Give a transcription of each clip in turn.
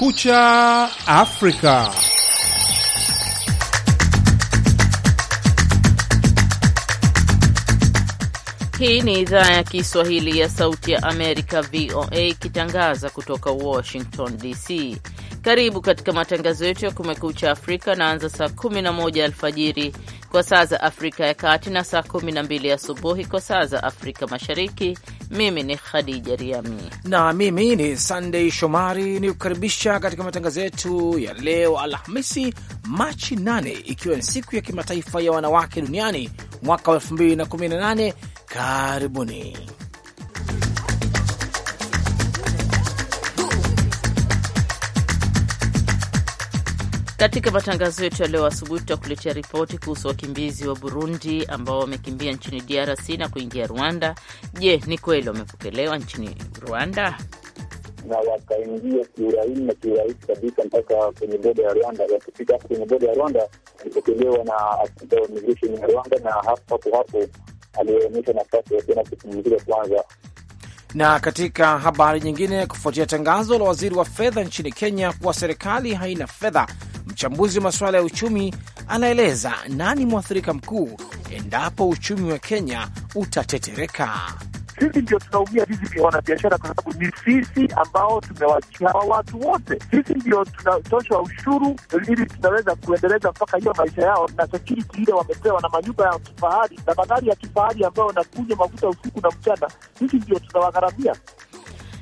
Kumekucha Afrika. Hii ni idhaa ya Kiswahili ya Sauti ya Amerika, VOA, ikitangaza kutoka Washington DC. Karibu katika matangazo yetu ya Kumekucha Afrika naanza saa 11 alfajiri kwa saa za Afrika ya Kati na saa 12 asubuhi kwa saa za Afrika Mashariki. Mimi ni Khadija Riami na mimi ni sandey Shomari, ni kukaribisha katika matangazo yetu ya leo Alhamisi, Machi 8 ikiwa ni siku ya kimataifa ya wanawake duniani mwaka wa 2018. Karibuni. Katika matangazo yetu ya leo asubuhi, tutakuletea ripoti kuhusu wakimbizi wa Burundi ambao wamekimbia nchini DRC na kuingia Rwanda. Je, ni kweli wamepokelewa nchini Rwanda na wakaingia kiurahisi na kiurahisi kabisa mpaka kwenye boda ya Rwanda. Wakifika hapo kwenye boda ya Rwanda walipokelewa na afisa wa migration ya Rwanda, na hapo hapo alionyesha nafasi ya tena kupumzika kwanza. Na katika habari nyingine, kufuatia tangazo la waziri wa fedha nchini Kenya kuwa serikali haina fedha Mchambuzi wa masuala ya uchumi anaeleza nani mwathirika mkuu endapo uchumi wa Kenya utatetereka. Sisi ndio tunaumia, sisi vya wanabiashara, kwa sababu ni sisi ambao tumewachawa watu wote. Sisi ndio tunatoshwa ushuru ili tunaweza kuendeleza mpaka hiyo maisha yao na security ile wamepewa na manyumba ya kifahari na magari ya kifahari ambayo wanakunywa mafuta usiku na mchana. Sisi ndio tunawagharamia.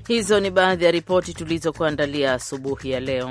Hizo ni baadhi ya ripoti tulizokuandalia asubuhi ya leo.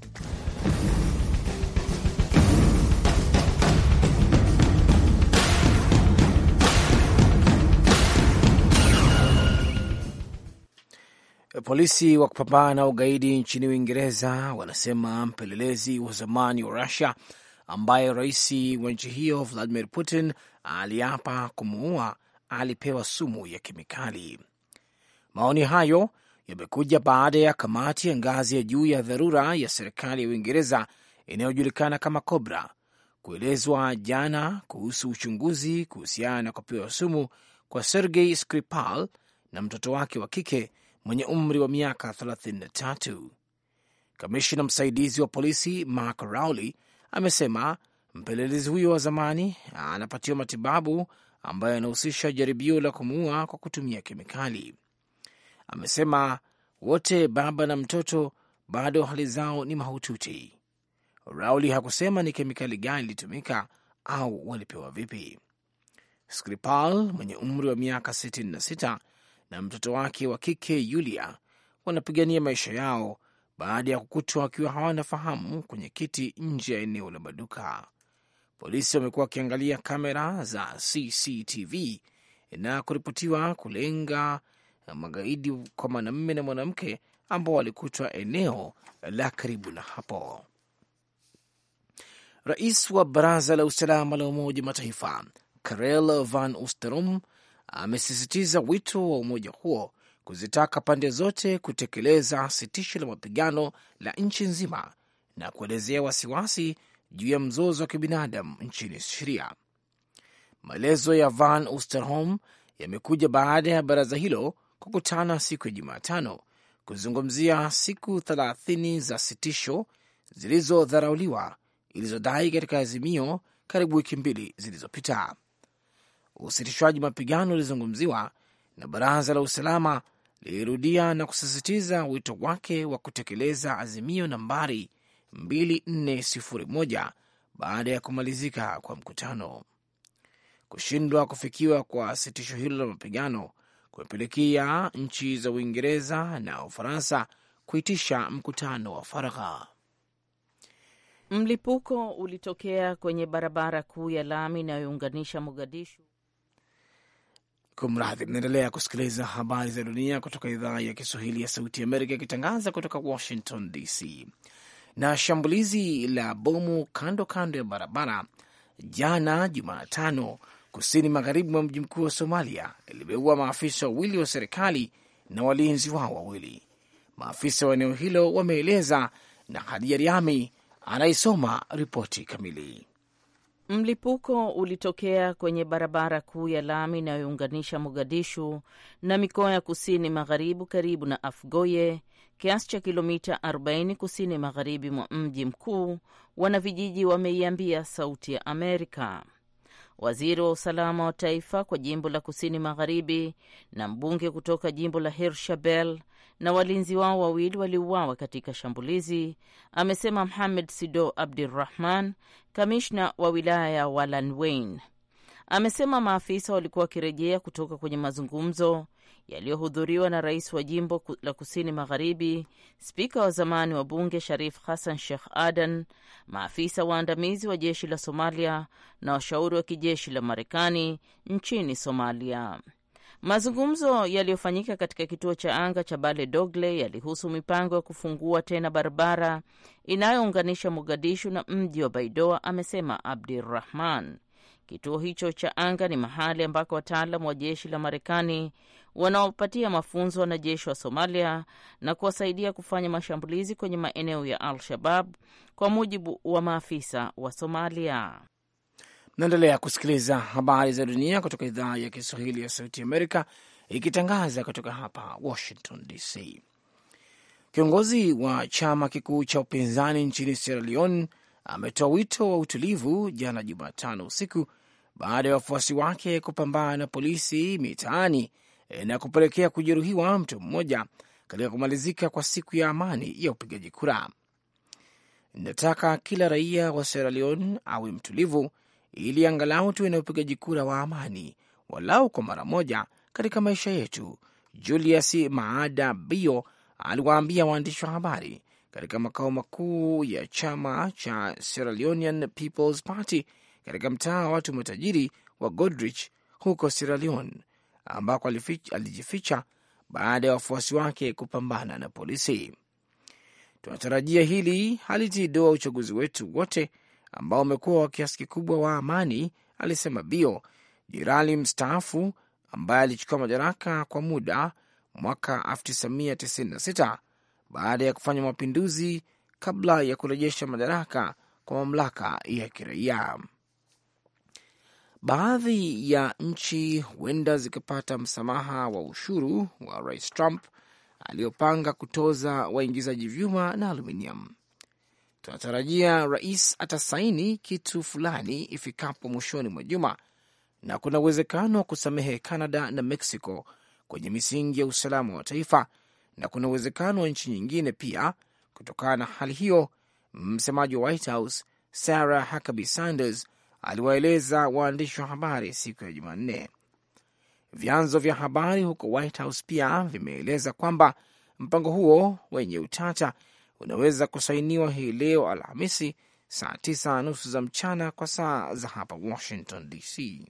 Polisi wa kupambana na ugaidi nchini Uingereza wanasema mpelelezi wa zamani wa Rusia ambaye rais wa nchi hiyo Vladimir Putin aliapa kumuua alipewa sumu ya kemikali. Maoni hayo yamekuja baada ya kamati ya ngazi ya juu ya dharura ya serikali ya Uingereza inayojulikana kama Cobra kuelezwa jana kuhusu uchunguzi kuhusiana na kupewa sumu kwa Sergei Skripal na mtoto wake wa kike mwenye umri wa miaka 33. kamishina msaidizi wa polisi Mark Rowley amesema mpelelezi huyo wa zamani anapatiwa matibabu ambayo yanahusisha jaribio la kumuua kwa kutumia kemikali. Amesema wote baba na mtoto bado hali zao ni mahututi. Rauli hakusema ni kemikali gani ilitumika au walipewa vipi. Skripal mwenye umri wa miaka 66 na mtoto wake wa kike Yulia wanapigania maisha yao baada ya kukutwa wakiwa hawana fahamu kwenye kiti nje ya eneo la maduka. Polisi wamekuwa wakiangalia kamera za CCTV na kuripotiwa kulenga magaidi kwa mwanamume na mwanamke ambao walikutwa eneo la karibu na hapo. Rais wa Baraza la Usalama la Umoja Mataifa Karel Van usterum amesisitiza wito wa umoja huo kuzitaka pande zote kutekeleza sitisho la mapigano la nchi nzima na kuelezea wasiwasi juu ya mzozo wa kibinadamu nchini Siria. Maelezo ya Van Oosterholm yamekuja baada ya baraza hilo kukutana siku ya Jumatano kuzungumzia siku thelathini za sitisho zilizodharauliwa ilizodai katika azimio karibu wiki mbili zilizopita usitishwaji mapigano ulizungumziwa na baraza la usalama lilirudia na kusisitiza wito wake wa kutekeleza azimio nambari 2401 baada ya kumalizika kwa mkutano. Kushindwa kufikiwa kwa sitisho hilo la mapigano kumepelekea nchi za Uingereza na Ufaransa kuitisha mkutano wa faragha. Mlipuko ulitokea kwenye barabara kuu ya lami inayounganisha Mogadishu Kumradhi, mnaendelea kusikiliza habari za dunia kutoka idhaa ya Kiswahili ya Sauti Amerika ikitangaza kutoka Washington DC. Na shambulizi la bomu kando kando ya barabara jana Jumatano kusini magharibi mwa mji mkuu wa Somalia limeua maafisa wawili wa serikali na walinzi wao wawili, maafisa wa eneo hilo wameeleza, na Hadija Riami anaisoma ripoti kamili. Mlipuko ulitokea kwenye barabara kuu ya lami inayounganisha Mogadishu na mikoa ya kusini magharibi karibu na Afgoye, kiasi cha kilomita 40 kusini magharibi mwa mji mkuu, wanavijiji wameiambia Sauti ya Amerika. Waziri wa usalama wa taifa kwa jimbo la kusini magharibi na mbunge kutoka jimbo la Hirshabelle na walinzi wao wawili waliuawa katika shambulizi, amesema mhamed Sido abdurahman kamishna wa wilaya ya Walanwain. Amesema maafisa walikuwa wakirejea kutoka kwenye mazungumzo yaliyohudhuriwa na rais wa jimbo la kusini magharibi, spika wa zamani wa bunge Sharif Hassan Sheikh Adan, maafisa waandamizi wa jeshi la Somalia na washauri wa kijeshi la Marekani nchini Somalia. Mazungumzo yaliyofanyika katika kituo cha anga cha Bale Dogle yalihusu mipango ya kufungua tena barabara inayounganisha Mogadishu na mji wa Baidoa, amesema Abdirahman. Kituo hicho cha anga ni mahali ambako wataalam wa jeshi la Marekani wanaopatia mafunzo wanajeshi wa Somalia na kuwasaidia kufanya mashambulizi kwenye maeneo ya Al-Shabab, kwa mujibu wa maafisa wa Somalia. Naendelea kusikiliza habari za dunia kutoka idhaa ya Kiswahili ya Sauti Amerika ikitangaza kutoka hapa Washington DC. Kiongozi wa chama kikuu cha upinzani nchini Sierra Leone ametoa wito wa utulivu jana Jumatano usiku baada ya wafuasi wake kupambana na polisi mitaani na kupelekea kujeruhiwa mtu mmoja katika kumalizika kwa siku ya amani ya upigaji kura. Nataka kila raia wa Sierra Leone awe mtulivu ili angalau tuwe na upigaji kura wa amani walau kwa mara moja katika maisha yetu, Julius Maada Bio aliwaambia waandishi wa habari katika makao makuu ya chama cha Sierra Leonean People's Party katika mtaa wa watu matajiri wa godrich huko Sierra Leone, ambako alijificha baada ya wafuasi wake kupambana na polisi. Tunatarajia hili halitidoa uchaguzi wetu wote ambao wamekuwa wa kiasi kikubwa wa amani, alisema Bio, jenerali mstaafu ambaye alichukua madaraka kwa muda mwaka 1996 baada ya kufanya mapinduzi kabla ya kurejesha madaraka kwa mamlaka ya kiraia. Baadhi ya nchi huenda zikapata msamaha wa ushuru wa Rais Trump aliyopanga kutoza waingizaji vyuma na aluminium tunatarajia rais atasaini kitu fulani ifikapo mwishoni mwa juma, na kuna uwezekano wa kusamehe Canada na Mexico kwenye misingi ya usalama wa taifa, na kuna uwezekano wa nchi nyingine pia. Kutokana na hali hiyo, msemaji wa White House Sarah Huckabee Sanders aliwaeleza waandishi wa habari siku ya Jumanne. Vyanzo vya habari huko White House pia vimeeleza kwamba mpango huo wenye utata unaweza kusainiwa hii leo Alhamisi saa tisa nusu za mchana kwa saa za hapa Washington DC.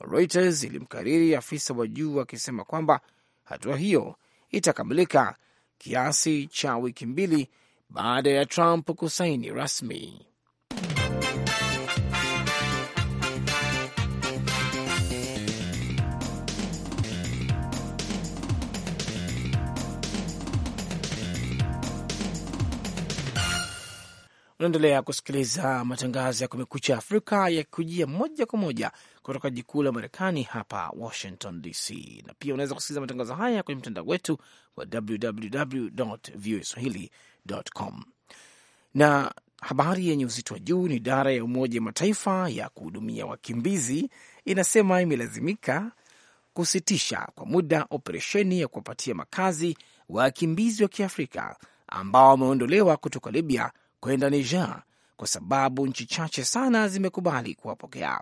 Reuters ilimkariri afisa wa juu akisema kwamba hatua hiyo itakamilika kiasi cha wiki mbili baada ya Trump kusaini rasmi. Unaendelea kusikiliza matangazo ya Kumekucha Afrika yakikujia moja kwa moja kutoka jiji kuu la Marekani hapa Washington DC, na pia unaweza kusikiliza matangazo haya kwenye mtandao wetu wa www voa swahilicom. Na habari yenye uzito wa juu ni idara ya Umoja wa Mataifa ya kuhudumia wakimbizi inasema imelazimika kusitisha kwa muda operesheni ya kuwapatia makazi wakimbizi wa Kiafrika ambao wameondolewa kutoka Libya kwenda Niger kwa sababu nchi chache sana zimekubali kuwapokea.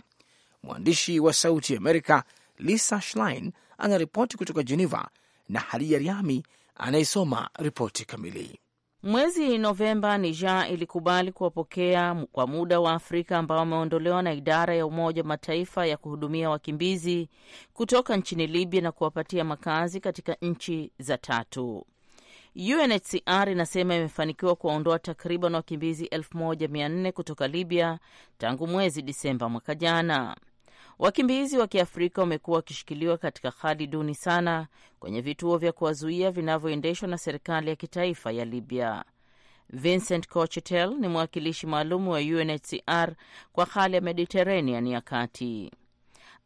Mwandishi wa Sauti ya Amerika Lisa Schlein anaripoti kutoka Geneva na Halia Riami anayesoma ripoti kamili. Mwezi Novemba, Niger ilikubali kuwapokea kwa muda wa Afrika ambao wameondolewa na idara ya Umoja wa Mataifa ya kuhudumia wakimbizi kutoka nchini Libya na kuwapatia makazi katika nchi za tatu. UNHCR inasema imefanikiwa kuwaondoa takriban wakimbizi 1400 kutoka Libya tangu mwezi Disemba mwaka jana. Wakimbizi wa Kiafrika wamekuwa wakishikiliwa katika hali duni sana kwenye vituo vya kuwazuia vinavyoendeshwa na serikali ya kitaifa ya Libya. Vincent Cochetel ni mwakilishi maalum wa UNHCR kwa hali ya Mediterranean ya kati.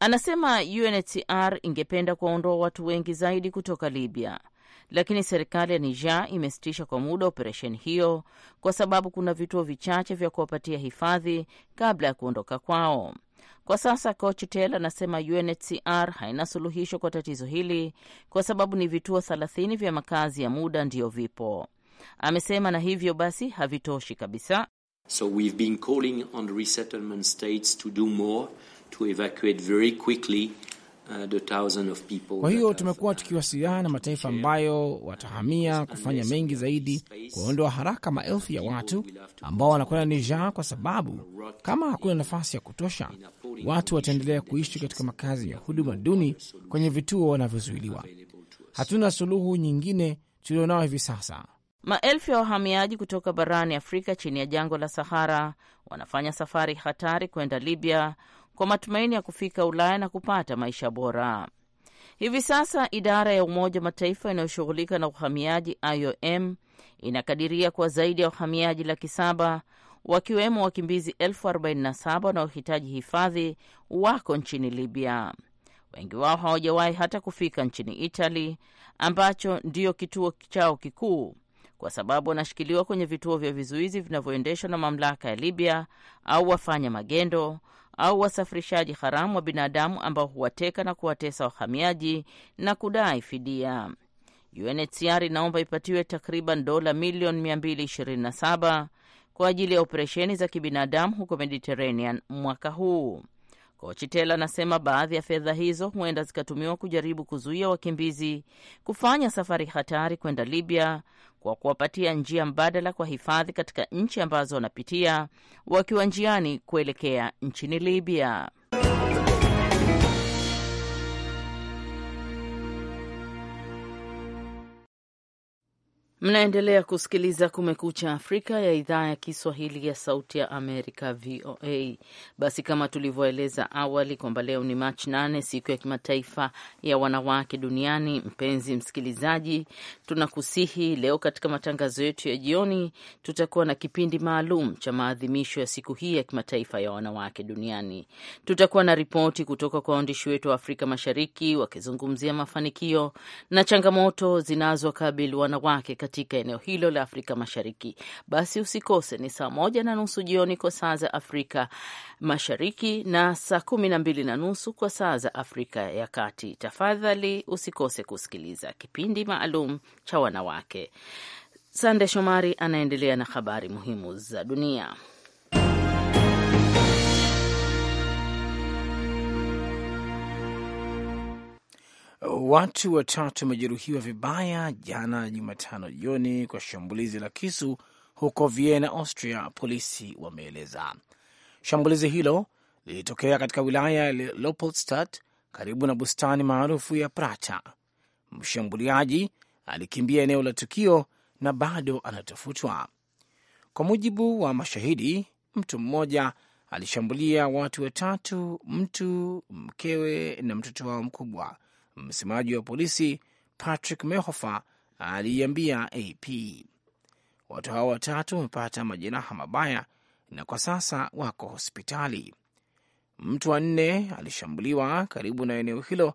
Anasema UNHCR ingependa kuwaondoa watu wengi zaidi kutoka Libya, lakini serikali ya Niger imesitisha kwa muda operesheni hiyo kwa sababu kuna vituo vichache vya kuwapatia hifadhi kabla ya kuondoka kwao. Kwa sasa tel anasema UNHCR haina suluhisho kwa tatizo hili kwa sababu ni vituo 30 vya makazi ya muda ndiyo vipo, amesema, na hivyo basi havitoshi kabisa. So we've been calling on resettlement states to do more to evacuate very quickly Uh, kwa hiyo tumekuwa uh, tukiwasiliana na mataifa ambayo watahamia kufanya mengi zaidi kuondoa haraka maelfu ya watu ambao wanakwenda Nija, kwa sababu kama hakuna nafasi ya kutosha, watu wataendelea kuishi katika makazi ya huduma duni kwenye vituo wanavyozuiliwa. Hatuna suluhu nyingine tulionao hivi sasa. Maelfu ya wahamiaji kutoka barani Afrika chini ya jangwa la Sahara wanafanya safari hatari kwenda Libya kwa matumaini ya kufika Ulaya na kupata maisha bora. Hivi sasa idara ya Umoja Mataifa inayoshughulika na uhamiaji IOM inakadiria kuwa zaidi ya wahamiaji laki saba wakiwemo wakimbizi elfu arobaini na saba wanaohitaji hifadhi wako nchini Libya. Wengi wao hawajawahi hata kufika nchini Itali ambacho ndiyo kituo chao kikuu, kwa sababu wanashikiliwa kwenye vituo vya vizuizi vinavyoendeshwa na mamlaka ya Libya au wafanya magendo au wasafirishaji haramu wa binadamu ambao huwateka na kuwatesa wahamiaji na kudai fidia. UNHCR inaomba ipatiwe takriban dola milioni 227 kwa ajili ya operesheni za kibinadamu huko Mediterranean mwaka huu. Kochitela anasema baadhi ya fedha hizo huenda zikatumiwa kujaribu kuzuia wakimbizi kufanya safari hatari kwenda Libya kwa kuwapatia njia mbadala kwa hifadhi katika nchi ambazo wanapitia wakiwa njiani kuelekea nchini Libya. Mnaendelea kusikiliza Kumekucha Afrika ya idhaa ya Kiswahili ya Sauti ya Amerika, VOA. Basi kama tulivyoeleza awali kwamba leo ni Machi nane, siku ya kimataifa ya wanawake duniani. Mpenzi msikilizaji, tunakusihi leo katika matangazo yetu ya jioni tutakuwa na kipindi maalum cha maadhimisho ya siku hii ya kimataifa ya wanawake duniani. Tutakuwa na ripoti kutoka kwa waandishi wetu wa Afrika Mashariki wakizungumzia mafanikio na changamoto zinazokabili wanawake katika eneo hilo la Afrika Mashariki. Basi usikose, ni saa moja na nusu jioni kwa saa za Afrika Mashariki na saa kumi na mbili na nusu kwa saa za Afrika ya Kati. Tafadhali usikose kusikiliza kipindi maalum cha wanawake. Sande Shomari anaendelea na habari muhimu za dunia. Watu watatu wamejeruhiwa vibaya jana Jumatano jioni kwa shambulizi la kisu huko Vienna, Austria, polisi wameeleza. Shambulizi hilo lilitokea katika wilaya ya Leopoldstadt karibu na bustani maarufu ya prata Mshambuliaji alikimbia eneo la tukio na bado anatafutwa. Kwa mujibu wa mashahidi, mtu mmoja alishambulia watu watatu, mtu mkewe na mtoto wao mkubwa. Msemaji wa polisi Patrick Mehofa aliiambia AP watu hao watatu wamepata majeraha mabaya na kwa sasa wako hospitali. Mtu wa nne alishambuliwa karibu na eneo hilo,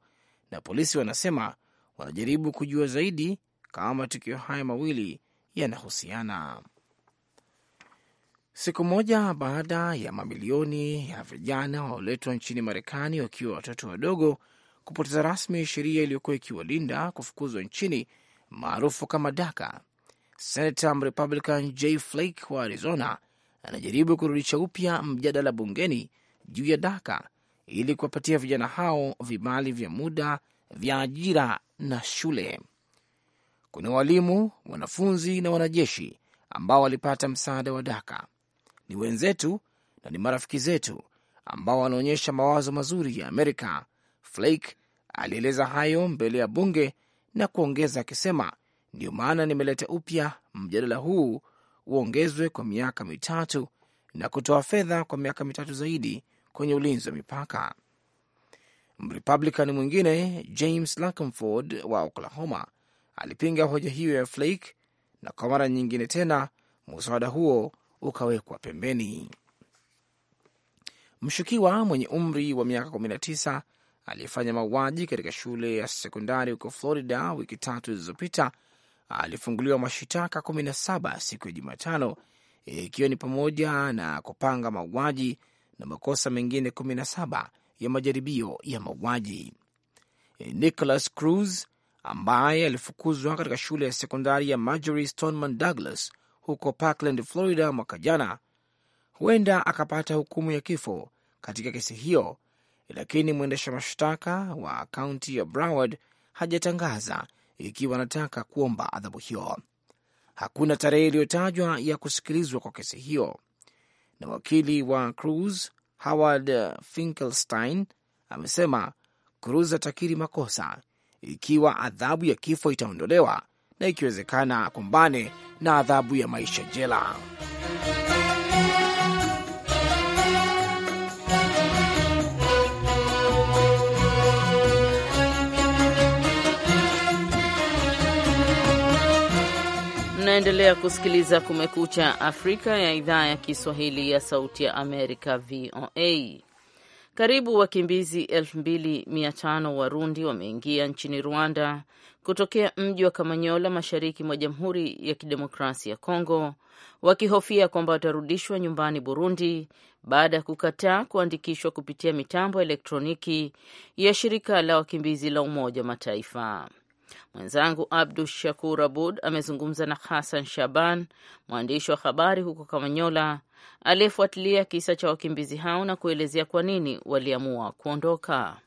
na polisi wanasema wanajaribu kujua zaidi kama matukio haya mawili yanahusiana. Siku moja baada ya mamilioni ya vijana walioletwa nchini Marekani wakiwa watoto wadogo kupoteza rasmi sheria iliyokuwa ikiwalinda kufukuzwa nchini maarufu kama DACA. Senata Mrepublican Jay Flake wa Arizona anajaribu kurudisha upya mjadala bungeni juu ya DACA ili kuwapatia vijana hao vibali vya muda vya ajira na shule. Kuna walimu, wanafunzi na wanajeshi ambao walipata msaada wa DACA. Ni wenzetu na ni marafiki zetu ambao wanaonyesha mawazo mazuri ya Amerika Flake alieleza hayo mbele ya bunge na kuongeza akisema, ndiyo maana nimeleta upya mjadala huu uongezwe kwa miaka mitatu na kutoa fedha kwa miaka mitatu zaidi kwenye ulinzi wa mipaka. Mrepublican mwingine James Lankford wa Oklahoma alipinga hoja hiyo ya Flake na kwa mara nyingine tena mswada huo ukawekwa pembeni. Mshukiwa mwenye umri wa miaka 19 aliyefanya mauaji katika shule ya sekondari huko Florida wiki tatu zilizopita alifunguliwa mashitaka 17 siku ya Jumatano, ikiwa ni pamoja na kupanga mauaji na makosa mengine 17 ya majaribio ya mauaji. Nicholas Cruz ambaye alifukuzwa katika shule ya sekondari ya Marjory Stoneman Douglas huko Parkland, Florida mwaka jana, huenda akapata hukumu ya kifo katika kesi hiyo lakini mwendesha mashtaka wa kaunti ya Broward hajatangaza ikiwa anataka kuomba adhabu hiyo. Hakuna tarehe iliyotajwa ya kusikilizwa kwa kesi hiyo, na wakili wa Cruz Howard Finkelstein amesema Cruz atakiri makosa ikiwa adhabu ya kifo itaondolewa na ikiwezekana akumbane na adhabu ya maisha jela. Unaendelea kusikiliza Kumekucha Afrika ya idhaa ya Kiswahili ya Sauti ya Amerika, VOA. Karibu wakimbizi 2500 Warundi wameingia nchini Rwanda kutokea mji wa Kamanyola, mashariki mwa Jamhuri ya Kidemokrasia ya Kongo, wakihofia kwamba watarudishwa nyumbani Burundi baada ya kukataa kuandikishwa kupitia mitambo ya elektroniki ya shirika la wakimbizi la Umoja wa Mataifa. Mwenzangu Abdu Shakur Abud amezungumza na Hassan Shaban, mwandishi wa habari huko Kamanyola, aliyefuatilia kisa cha wakimbizi hao na kuelezea kwa nini waliamua kuondoka.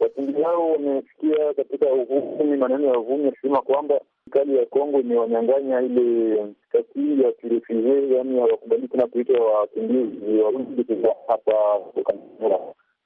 Wakimbizi hao wamesikia katika uvumi, maneno ya uvumi akisema kwamba serikali ya Kongo imewanyang'anya ile statusi ya kirefugie, yaani hawakubaliki na kuitwa wakimbizi warudi hapa.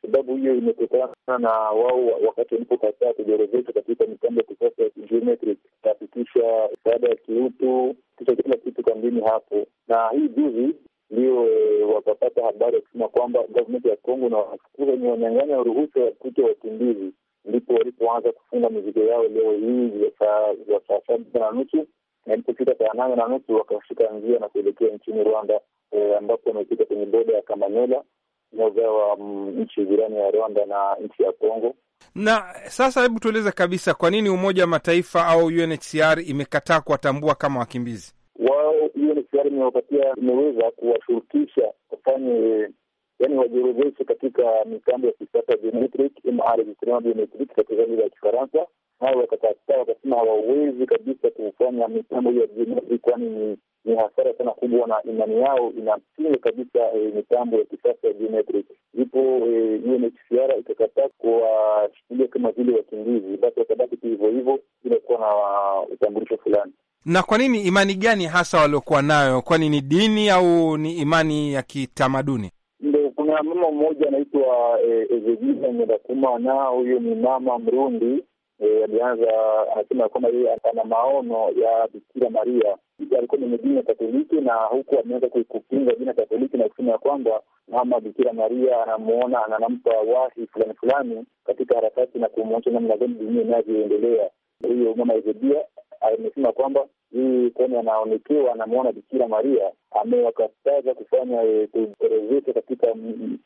Sababu hiyo imetokana na wao wakati walipokataa kujerezeshwa katika mitambo ya kisasa ya kijiometri ikapitisha saada ya kiutu kisha kila kitu kambini hapo, na hii juzi ndio eh, wakapata habari ya kusema kwamba gavumenti ya Kongo na wafukuza ni wanyang'anya ruhusa ya kuta wakimbizi, ndipo walipoanza kufunga mizigo yao leo hii ya saa saba na nusu na ilipofika saa nane na nusu wakashika njia na kuelekea nchini Rwanda, eh, ambapo wamefika kwenye boda ya Kamanyola inayogawa mm, nchi jirani ya Rwanda na nchi ya Kongo. Na sasa, hebu tueleze kabisa, kwa nini Umoja wa Mataifa au UNHCR imekataa kuwatambua kama wakimbizi wao? UNHCR imewapatia imeweza kuwashurutisha wafanye yani wajiorodheshe katika mitambo ya kisasa biometric katika lugha ya Kifaransa, nao wakakataa, wakasema hawawezi kabisa kufanya mitambo hiyo ya biometric, kwani ni ni hasara sana kubwa, na imani yao inapinga kabisa eh, mitambo ya kisasa ya biometric. Ipo eh, UNHCR ikakataa kuwashikilia kama vile wakimbizi, basi watabaki tu hivyo hivyo bila kuwa na uh, utambulisho fulani. Na kwa nini? Imani gani hasa waliokuwa nayo? Kwani ni dini au ni imani ya kitamaduni? Ndo kuna mama mmoja anaitwa eh, Ezegina Nyedakuma, na huyo ni mama Mrundi. Alianza anasema kwamba yeye ana maono ya Bikira Maria alikuwa mwenye dini ya Katoliki na huku ameweza kupinga dini ya Katoliki na kusema ya kwamba mama Bikira Maria anamuona anampa wahi fulani fulani katika harakati na kumwonyesha namna gani dunia inavyoendelea. hiyo mama Hezekia amesema kwamba hii kwani anaonekewa anamwona Bikira Maria amewakataza kufanya eh, kuperezesha katika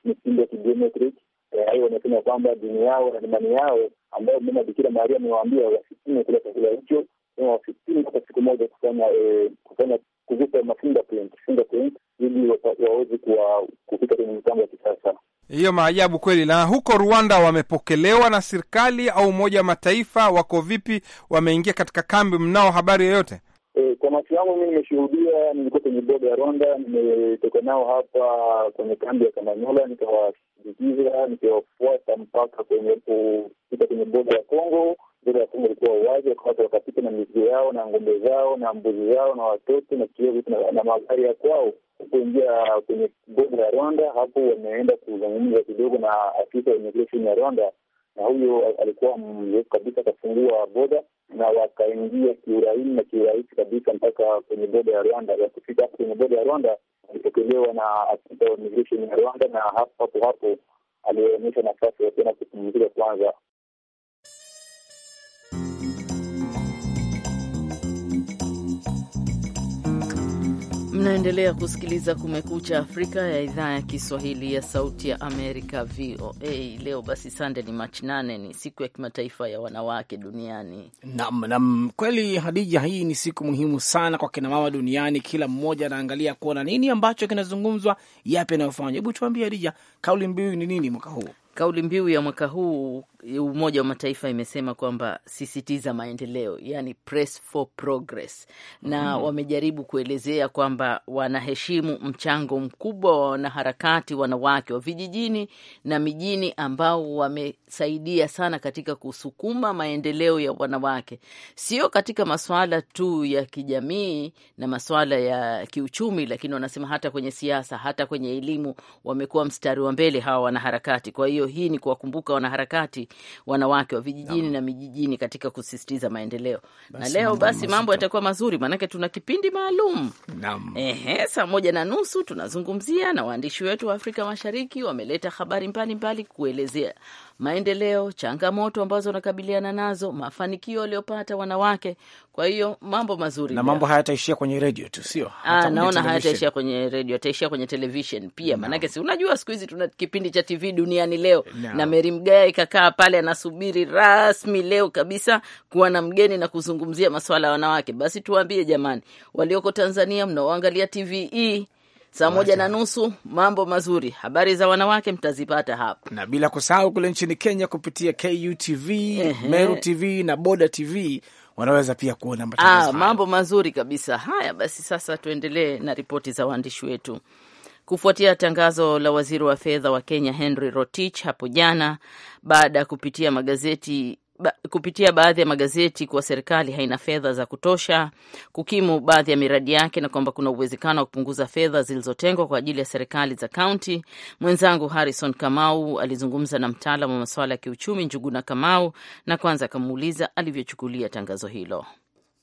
mitindo ya kijiometriki. Eh, hayo wanasema kwamba dini yao na imani yao ambayo mama Bikira Maria amewaambia wasikime kula chakula hicho wafikia hata siku moja kufanya e, kufanya kuvuta ili waweze kufika kwenye mitambo ya kisasa. Hiyo maajabu kweli. Na huko Rwanda wamepokelewa na serikali au Umoja wa Mataifa, wako vipi? Wameingia katika kambi, mnao habari yoyote? E, kwa macho yangu mi nimeshuhudia, nilikuwa kwenye boda ya Rwanda, nimetoka nao hapa kwenye kambi ya Kamanyola, nikawasindikiza, nikiwafuata mpaka kwenye kufika kwenye boda ya Kongo bila ya kumu ulikuwa uwazi, watu wakapita na mizigo yao na ng'ombe zao na mbuzi zao na watoto na kio na, na magari ya kwao kuingia kwenye boda ya Rwanda. Hapo wameenda kuzungumza kidogo na afisa wa immigration ya Rwanda, na huyo alikuwa mrefu kabisa, akafungua boda na wakaingia kiurahini na kiurahisi kabisa mpaka kwenye boda ya Rwanda. Wakifika hapo kwenye boda ya Rwanda walipokelewa na afisa wa immigration ya Rwanda, na hapo hapo hapo alionyesha nafasi ya tena kupumzika kwanza Mnaendelea kusikiliza Kumekucha Afrika ya idhaa ya Kiswahili ya Sauti ya Amerika, VOA. Leo basi, Sande, ni Machi nane, ni siku ya kimataifa ya wanawake duniani. Nam nam, kweli Hadija, hii ni siku muhimu sana kwa kinamama duniani. Kila mmoja anaangalia kuona nini ambacho kinazungumzwa, yapi yanayofanywa. Hebu tuambie Hadija, kauli mbiu ni nini mwaka huu? Kauli mbiu ya mwaka huu Umoja wa Mataifa imesema kwamba sisitiza maendeleo, yani press for progress, na mm -hmm. wamejaribu kuelezea kwamba wanaheshimu mchango mkubwa wa wanaharakati wanawake wa vijijini na mijini ambao wamesaidia sana katika kusukuma maendeleo ya wanawake, sio katika masuala tu ya kijamii na masuala ya kiuchumi, lakini wanasema hata kwenye siasa, hata kwenye elimu wamekuwa mstari wa mbele hawa wanaharakati. Kwa hiyo hiyo. Hii ni kuwakumbuka wanaharakati wanawake wa vijijini na mijijini katika kusisitiza maendeleo basi, na leo basi mambo yatakuwa mazuri, maanake tuna kipindi maalum saa moja na nusu tunazungumzia na waandishi wetu wa Afrika Mashariki wameleta habari mbalimbali kuelezea maendeleo, changamoto ambazo wanakabiliana nazo, mafanikio waliopata wanawake. Kwa hiyo mambo mazuri, na mambo hayataishia kwenye redio tu, sio? Ah, naona hayataishia kwenye redio, ataishia kwenye televishen pia, maanake si unajua siku hizi tuna kipindi cha TV duniani leo no. na Meri Mgae ikakaa pale, anasubiri rasmi leo kabisa kuwa na mgeni na kuzungumzia maswala ya wanawake. Basi tuwambie jamani, walioko Tanzania mnaoangalia TVE saa moja na nusu. Mambo mazuri, habari za wanawake mtazipata hapo na bila kusahau kule nchini Kenya kupitia KUTV, Meru TV na Boda TV wanaweza pia kuona ah, mambo mazuri kabisa. Haya basi, sasa tuendelee na ripoti za waandishi wetu. Kufuatia tangazo la waziri wa fedha wa Kenya Henry Rotich hapo jana, baada ya kupitia magazeti ba, kupitia baadhi ya magazeti kuwa serikali haina fedha za kutosha kukimu baadhi ya miradi yake na kwamba kuna uwezekano wa kupunguza fedha zilizotengwa kwa ajili ya serikali za kaunti. Mwenzangu Harrison Kamau alizungumza na mtaalamu wa masuala ya kiuchumi Njuguna Kamau na kwanza akamuuliza alivyochukulia tangazo hilo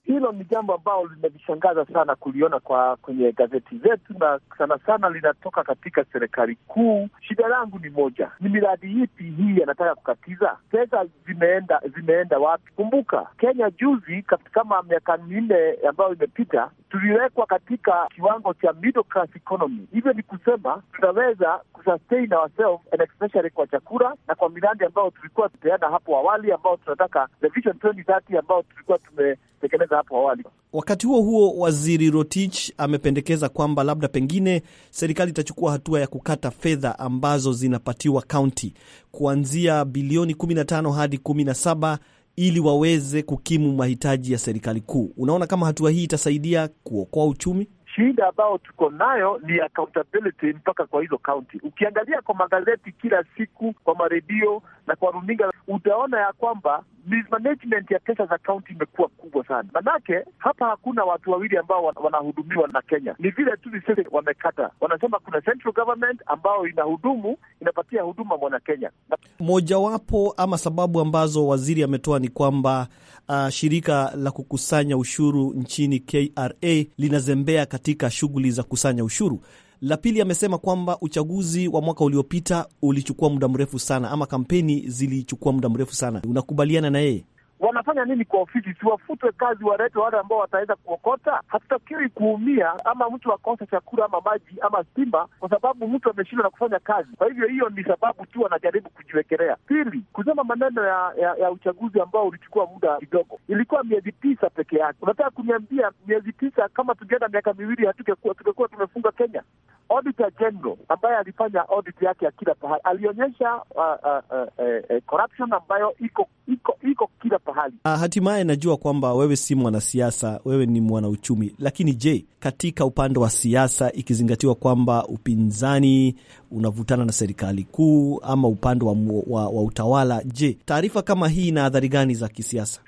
hilo ni jambo ambalo limenishangaza sana kuliona kwa kwenye gazeti zetu, na sana sana linatoka katika serikali kuu. Shida langu ni moja, ni miradi ipi hii anataka kukatiza? Pesa zimeenda zimeenda wapi? Kumbuka Kenya juzi, kama miaka minne ambayo imepita, tuliwekwa katika kiwango cha middle class economy. Hivyo ni kusema tunaweza kusustain ourselves and especially kwa chakula na kwa miradi ambayo tulikuwa tupeana hapo awali, ambao tunataka the Vision 2030 tulikuwa tumetekeleza nilivyoeleza hapo awali. Wakati huo huo, waziri Rotich amependekeza kwamba labda pengine serikali itachukua hatua ya kukata fedha ambazo zinapatiwa kaunti kuanzia bilioni 15 hadi 17 ili waweze kukimu mahitaji ya serikali kuu. Unaona kama hatua hii itasaidia kuokoa uchumi? Shida ambayo tuko nayo ni accountability mpaka kwa hizo kaunti. Ukiangalia kwa magazeti kila siku, kwa maredio na kwa runinga, utaona ya kwamba mismanagement ya pesa za kaunti imekuwa kubwa sana. Manake hapa hakuna watu wawili ambao wanahudumiwa na Kenya, ni vile tu visese wamekata. Wanasema kuna central government ambayo inahudumu, inapatia huduma mwana Kenya. Mojawapo ama sababu ambazo waziri ametoa ni kwamba uh, shirika la kukusanya ushuru nchini KRA linazembea katika shughuli za kukusanya ushuru. La pili amesema kwamba uchaguzi wa mwaka uliopita ulichukua muda mrefu sana, ama kampeni zilichukua muda mrefu sana. Unakubaliana na yeye? wanafanya nini kwa ofisi? Siwafutwe kazi, walete wale ambao wataweza kuokota. Hatutakiwi kuumia ama mtu akosa chakula ama maji ama stima kwa sababu mtu ameshindwa na kufanya kazi. Kwa hivyo hiyo ni sababu tu wanajaribu kujiwekelea. Pili, kusema maneno ya, ya, ya uchaguzi ambao ulichukua muda kidogo, ilikuwa miezi tisa peke yake. Unataka kuniambia miezi tisa, kama tungeenda miaka miwili hatungekuwa tungekuwa tumefunga Kenya? Auditor General ambaye alifanya audit yake ya kila pahali alionyesha uh, uh, uh, uh, corruption ambayo iko iko iko kila pahali fahali. Ah, hatimaye najua kwamba wewe si mwanasiasa, wewe ni mwanauchumi, lakini je, katika upande wa siasa, ikizingatiwa kwamba upinzani unavutana na serikali kuu ama upande wa, wa, wa utawala, je, taarifa kama hii ina adhari gani za kisiasa?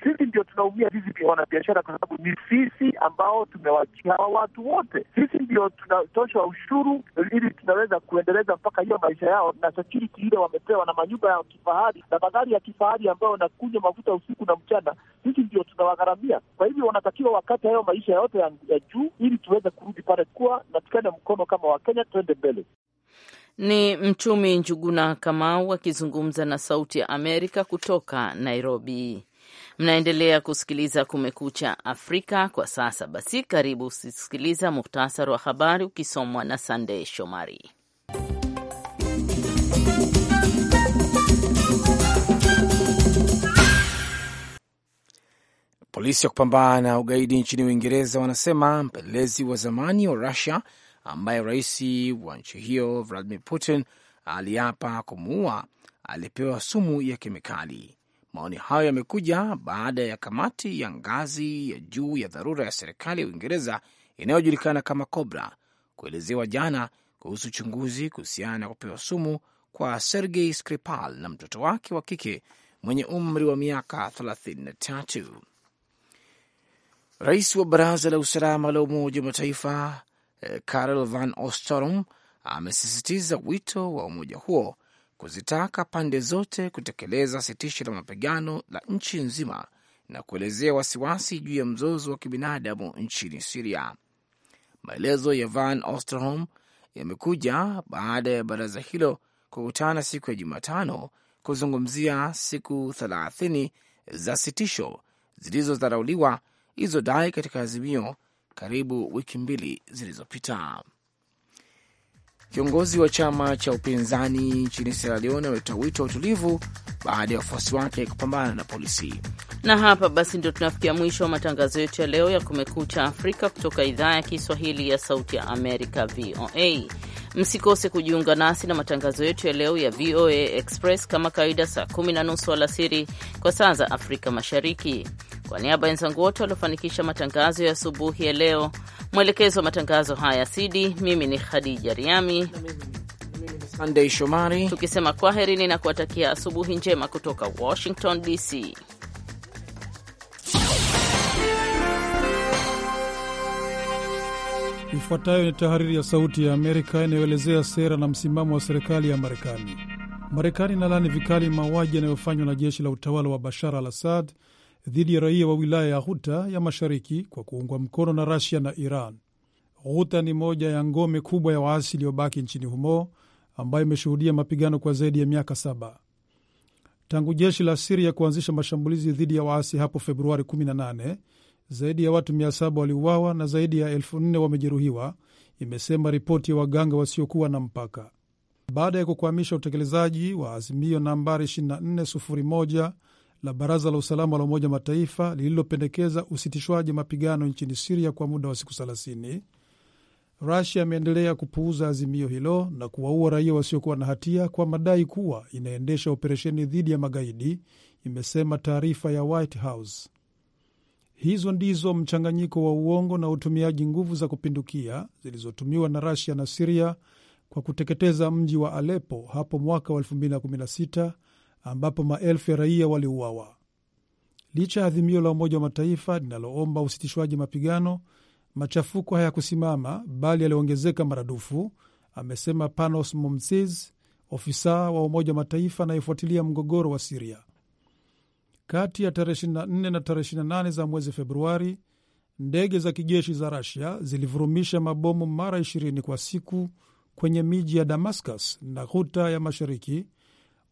tunaumia hizi pia wanabiashara, kwa sababu ni sisi ambao tumewaachia hawa watu wote. Sisi ndio tunatoshwa ushuru ili tunaweza kuendeleza mpaka hiyo maisha yao na security ile wamepewa na manyumba ya kifahari na magari ya kifahari ambayo wanakunywa mafuta usiku na mchana. Sisi ndio tunawagharamia. Kwa hivyo wanatakiwa wakati hayo maisha yote ya, ya juu ili tuweze kurudi pale kuwa na tukane mkono kama Wakenya, tuende mbele. Ni mchumi Njuguna Kamau akizungumza na Sauti ya Amerika kutoka Nairobi. Mnaendelea kusikiliza Kumekucha Afrika kwa sasa. Basi karibu usisikiliza muhtasari wa habari ukisomwa na Sandey Shomari. Polisi wa kupambana na ugaidi nchini Uingereza wanasema mpelelezi wa zamani wa Rusia ambaye rais wa nchi hiyo Vladimir Putin aliapa kumuua alipewa sumu ya kemikali. Maoni hayo yamekuja baada ya kamati ya ngazi ya juu ya dharura ya serikali ya Uingereza inayojulikana kama Cobra kuelezewa jana kuhusu uchunguzi kuhusiana na kupewa sumu kwa Sergei Skripal na mtoto wake wa kike mwenye umri wa miaka 33. Rais wa Baraza la Usalama la Umoja wa Mataifa eh, Karel Van Ostorum amesisitiza wito wa umoja huo kuzitaka pande zote kutekeleza sitisho la mapigano la nchi nzima na kuelezea wasiwasi juu ya mzozo wa kibinadamu nchini Siria. Maelezo ya Van Osterholm yamekuja baada ya baraza hilo kukutana siku ya Jumatano kuzungumzia siku thelathini za sitisho zilizodharauliwa ilizodai katika azimio karibu wiki mbili zilizopita. Kiongozi wa chama cha upinzani nchini Sierra Leone ametoa wito wa utulivu baada ya wafuasi wake kupambana na polisi. Na hapa basi ndio tunafikia mwisho wa matangazo yetu ya leo ya Kumekucha Afrika kutoka idhaa ya Kiswahili ya Sauti ya Amerika, VOA. Msikose kujiunga nasi na matangazo yetu ya leo ya VOA Express kama kawaida, saa kumi na nusu alasiri kwa saa za Afrika Mashariki. Kwa niaba ya wenzangu wote waliofanikisha matangazo ya asubuhi ya leo, Mwelekezo wa matangazo haya Sidi. Mimi ni Khadija Riami Sandei Shomari, tukisema kwaherini na kuwatakia asubuhi njema kutoka Washington DC. Ifuatayo ni tahariri ya Sauti ya Amerika inayoelezea sera na msimamo wa serikali ya Marekani. Marekani inalani vikali mauaji yanayofanywa na jeshi la utawala wa Bashar al Assad dhidi ya raia wa wilaya ya Ghuta ya mashariki kwa kuungwa mkono na Rasia na Iran. Ghuta ni moja ya ngome kubwa ya waasi iliyobaki nchini humo ambayo imeshuhudia mapigano kwa zaidi ya miaka saba tangu jeshi la Siria kuanzisha mashambulizi dhidi ya waasi hapo Februari 18. Zaidi ya watu 700 waliuawa na zaidi ya 4 wamejeruhiwa, imesema ripoti ya waganga wasiokuwa na mpaka, baada ya kukwamisha utekelezaji wa azimio nambari 2401 la Baraza la Usalama la Umoja Mataifa lililopendekeza usitishwaji mapigano nchini Siria kwa muda wa siku 30. Rusia imeendelea kupuuza azimio hilo na kuwaua raia wasiokuwa na hatia kwa madai kuwa inaendesha operesheni dhidi ya magaidi, imesema taarifa ya White House. Hizo ndizo mchanganyiko wa uongo na utumiaji nguvu za kupindukia zilizotumiwa na Rusia na Siria kwa kuteketeza mji wa Alepo hapo mwaka wa 2016 ambapo maelfu ya raia waliuawa. Licha ya adhimio la Umoja wa Mataifa linaloomba usitishwaji mapigano, machafuko hayakusimama bali yaliongezeka maradufu, amesema Panos Momsis, ofisa wa Umoja wa Mataifa anayefuatilia mgogoro wa Siria. Kati ya tarehe 24 na tarehe 28 za mwezi Februari, ndege za kijeshi za Rasia zilivurumisha mabomu mara 20 kwa siku kwenye miji ya Damascus na Ghuta ya mashariki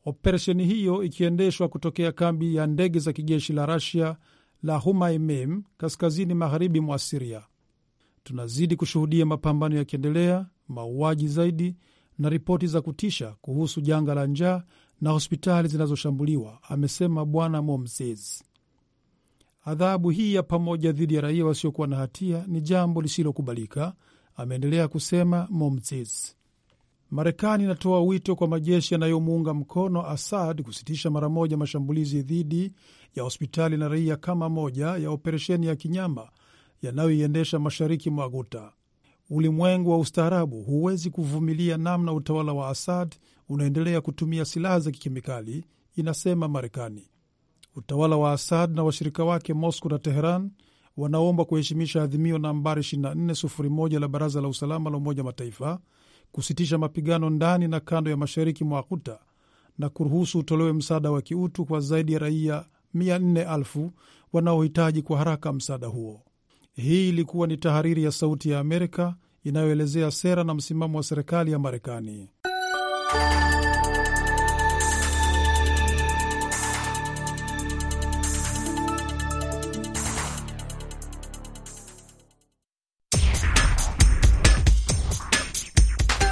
Operesheni hiyo ikiendeshwa kutokea kambi ya ndege za kijeshi la Rasia la Humaimim kaskazini magharibi mwa Siria. Tunazidi kushuhudia mapambano yakiendelea, mauaji zaidi na ripoti za kutisha kuhusu janga la njaa na hospitali zinazoshambuliwa, amesema Bwana Momses. Adhabu hii ya pamoja dhidi ya raia wasiokuwa na hatia ni jambo lisilokubalika, ameendelea kusema Momses. Marekani inatoa wito kwa majeshi yanayomuunga mkono Assad kusitisha mara moja mashambulizi dhidi ya hospitali na raia kama moja ya operesheni ya kinyama yanayoiendesha mashariki mwa Guta. Ulimwengu wa ustaarabu huwezi kuvumilia namna utawala wa Assad unaendelea kutumia silaha za kikemikali, inasema Marekani. Utawala wa Assad na washirika wake Moscow na Teheran wanaomba kuheshimisha adhimio nambari 2401 la Baraza la Usalama la Umoja Mataifa kusitisha mapigano ndani na kando ya mashariki mwa Ghuta na kuruhusu utolewe msaada wa kiutu kwa zaidi ya raia 400,000 wanaohitaji kwa haraka msaada huo. Hii ilikuwa ni tahariri ya Sauti ya Amerika inayoelezea sera na msimamo wa serikali ya Marekani.